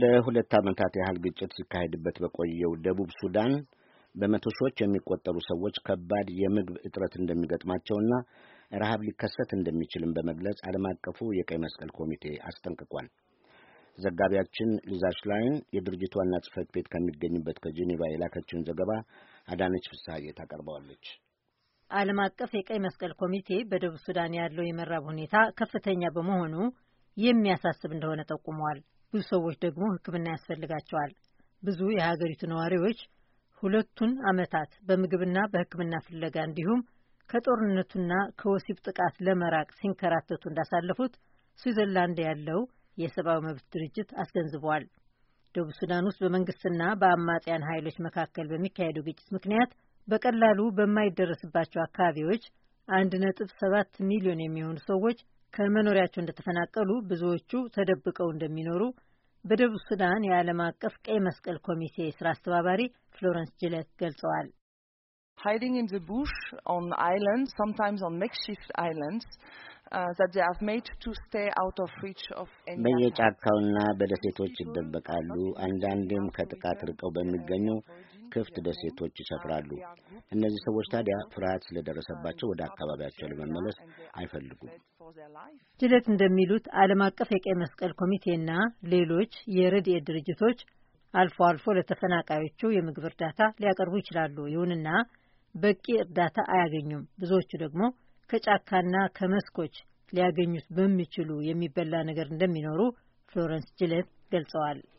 ለሁለት ዓመታት ያህል ግጭት ሲካሄድበት በቆየው ደቡብ ሱዳን በመቶ ሺዎች የሚቆጠሩ ሰዎች ከባድ የምግብ እጥረት እንደሚገጥማቸውና ረሃብ ሊከሰት እንደሚችልም በመግለጽ ዓለም አቀፉ የቀይ መስቀል ኮሚቴ አስጠንቅቋል። ዘጋቢያችን ሊዛ ሽላይን የድርጅቱ ዋና ጽሕፈት ቤት ከሚገኝበት ከጄኔቫ የላከችውን ዘገባ አዳነች ፍስሐዬ ታቀርበዋለች። ዓለም አቀፍ የቀይ መስቀል ኮሚቴ በደቡብ ሱዳን ያለው የመራብ ሁኔታ ከፍተኛ በመሆኑ የሚያሳስብ እንደሆነ ጠቁመዋል። ብዙ ሰዎች ደግሞ ሕክምና ያስፈልጋቸዋል። ብዙ የሀገሪቱ ነዋሪዎች ሁለቱን ዓመታት በምግብና በሕክምና ፍለጋ እንዲሁም ከጦርነቱና ከወሲብ ጥቃት ለመራቅ ሲንከራተቱ እንዳሳለፉት ስዊዘርላንድ ያለው የሰብአዊ መብት ድርጅት አስገንዝበዋል። ደቡብ ሱዳን ውስጥ በመንግስትና በአማጽያን ኃይሎች መካከል በሚካሄደው ግጭት ምክንያት በቀላሉ በማይደረስባቸው አካባቢዎች አንድ ነጥብ ሰባት ሚሊዮን የሚሆኑ ሰዎች ከመኖሪያቸው እንደተፈናቀሉ፣ ብዙዎቹ ተደብቀው እንደሚኖሩ በደቡብ ሱዳን የዓለም አቀፍ ቀይ መስቀል ኮሚቴ ስራ አስተባባሪ ፍሎረንስ ጅለት ገልጸዋል። hiding in the bush on islands, sometimes on makeshift islands, uh, በየጫካውና በደሴቶች ይደበቃሉ። አንዳንዴም ከጥቃት ርቀው በሚገኙ ክፍት ደሴቶች ይሰፍራሉ። እነዚህ ሰዎች ታዲያ ፍርሃት ስለደረሰባቸው ወደ አካባቢያቸው ለመመለስ አይፈልጉም። ጅለት እንደሚሉት ዓለም አቀፍ የቀይ መስቀል ኮሚቴና ሌሎች የረድኤት ድርጅቶች አልፎ አልፎ ለተፈናቃዮቹ የምግብ እርዳታ ሊያቀርቡ ይችላሉ። ይሁንና በቂ እርዳታ አያገኙም። ብዙዎቹ ደግሞ ከጫካና ከመስኮች ሊያገኙት በሚችሉ የሚበላ ነገር እንደሚኖሩ ፍሎረንስ ጅለት ገልጸዋል።